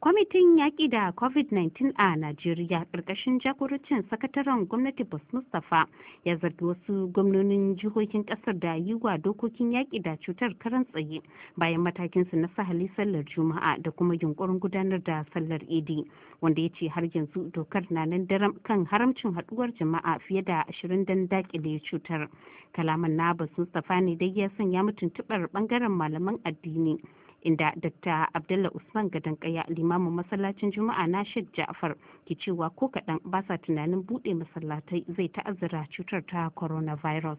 Kwamitin yaƙi da COVID-19 a Najeriya ƙarƙashin jagorancin sakataren gwamnati Bas Mustapha ya zargi wasu gwamnonin jihohin ƙasar da yi wa dokokin yaƙi da cutar karan tsaye bayan matakinsu na sahali sallar Juma'a da kuma yunƙurin gudanar da sallar Idi wanda ya ce har yanzu dokar na nan daram kan haramcin haɗuwar jama'a fiye da ashirin dan daƙile cutar. Kalaman na Bas Mustapha ne dai ya sanya mutuntuɓar ɓangaren malaman addini. inda Dr. abdulla Usman Gadankaya limamin masallacin Juma'a na Sheikh Ja'far ke cewa ko kaɗan ba sa tunanin buɗe masallatai zai ta'azzara cutar ta coronavirus.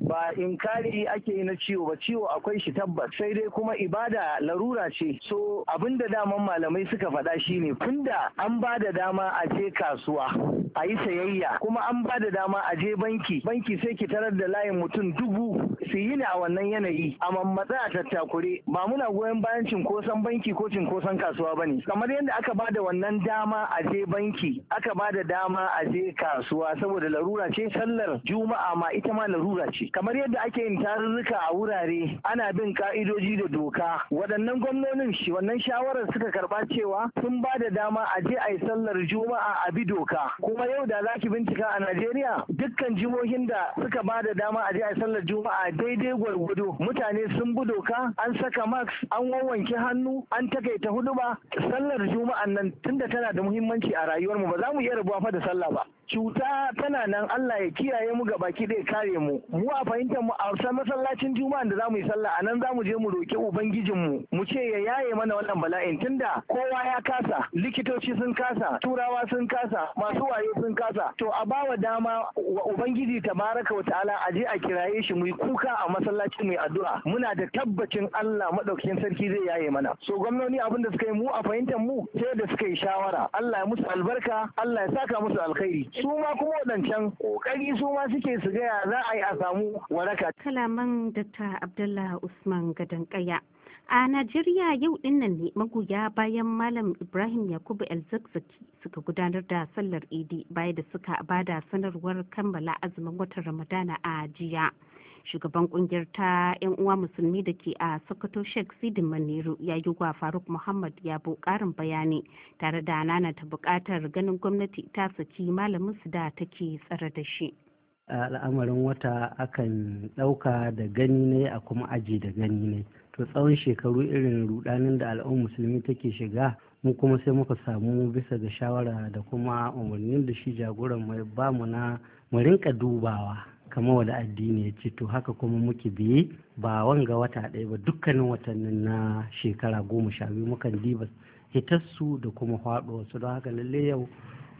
ba inkari ake yi na ciwo ba ciwo akwai shi tabbas sai dai kuma ibada larura ce so abinda daman malamai suka faɗa shine tunda an ba da dama a je kasuwa a yi sayayya kuma an ba da dama a je banki banki sai ki tarar da layin mutum dubu su yi ne a wannan yanayi a mammatsa a tattakure ba muna goyon bayan cinkoson banki ko cinkoson kasuwa ba ne. kamar yadda aka ba da wannan dama a je banki aka ba da dama a je kasuwa saboda larura ce sallar juma'a ma ita ma larura ce kamar yadda ake yin tarurruka a wurare ana bin ka'idoji da doka waɗannan gwamnonin shi wannan shawarar suka karɓa cewa sun ba da dama a je a yi sallar juma'a a bi doka kuma yau da za ki bincika a najeriya dukkan jihohin da suka ba da dama a je a yi sallar juma'a daidai gwargwado mutane sun bi doka an saka max an wawanke hannu an takaita huduba sallar juma'an nan tunda tana da muhimmanci a rayuwar mu ba za mu iya rabuwa fa da sallah ba cuta tana nan Allah ya kiyaye mu baki dai kare mu mu a fahimtar mu a san masallacin juma'a da zamu yi sallah anan zamu je mu roki ubangijin mu mu ce ya yaye mana wannan bala'in tunda kowa ya kasa likitoci sun kasa turawa sun kasa masu waye sun kasa to a bawa dama wa ubangiji tabaraka wa ta'ala a je a kiraye shi mu yi kuka a masallacin mu yi addu'a muna da tabbacin Allah madaukakin sarki zai yaye mana so gwamnoni abin da suka yi mu a fahimtar mu sai da suka yi shawara Allah ya musu albarka Allah ya saka musu alkhairi su ma kuma waɗancan ƙoƙari su ma suke su gaya za a yi a samu waraka. Kalaman Dr. Abdullah Usman Gadankaya. A Najeriya yau dinnan ne magoya bayan Malam Ibrahim Yakubu El-Zakzaki suka gudanar da sallar Idi bayan da suka bada sanarwar kammala azumin watan Ramadana a jiya. shugaban kungiyar ta 'yan uwa musulmi da ke a sokoto sheikh sidin maniru ya yi wa faruk muhammad ya bu karin bayani tare da ta bukatar ganin gwamnati ta saki malamin su da take tsare da shi al'amarin wata akan ɗauka da gani ne a kuma aji da gani ne to tsawon shekaru irin rudanin da al'ummar musulmi take shiga mu kuma sai muka samu bisa ga shawara da kuma umarnin da shi jagoran mai bamu na mu rinka dubawa kamar wada addini ya ce to haka kuma muke biye ba wanga wata ɗaya ba dukkanin watannin na shekara goma sha biyu mukan diba hitarsu da kuma faɗuwarsu don haka lalle yau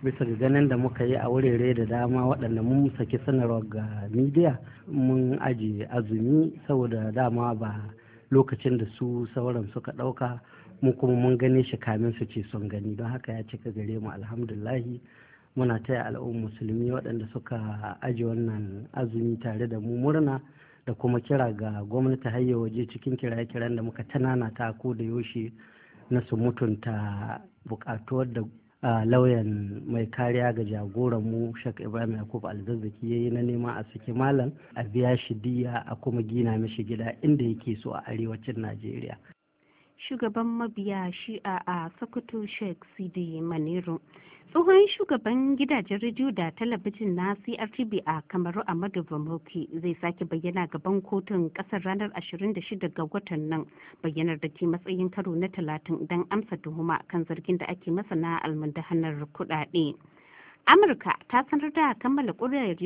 bisa ga ganin da muka yi a wurare da dama waɗanda mun saki sanarwa ga midiya mun ajiye azumi saboda dama ba lokacin da su sauran suka ɗauka mu kuma mun gane shi kamin su ce sun gani don haka ya cika gare mu alhamdulahi muna taya al'ummar musulmi waɗanda suka aji wannan azumi tare da mu murna da kuma kira ga gwamnati hayya waje cikin kiraye-kiran da muka tanana ta ko da yaushe na su mutunta buƙatuwar da lauyan mai kariya ga jagoran mu shak ibrahim yakub alzazzaki ya yi na neman a saki malam a biya shi diya a kuma gina mishi gida inda yake so a arewacin najeriya shugaban mabiya shi'a a Sokoto Sheikh Sidi maneru Tsohon shugaban gidajen rediyo da talabijin na crtb a Kamaru Amadu Bamoki zai sake bayyana gaban kotun kasar ranar 26 ga watan nan bayyanar da ke matsayin karo na 30 don amsa tuhuma kan zargin da ake masana na almundahanar kudade Amurka ta sanar da kammala ƙuri'ar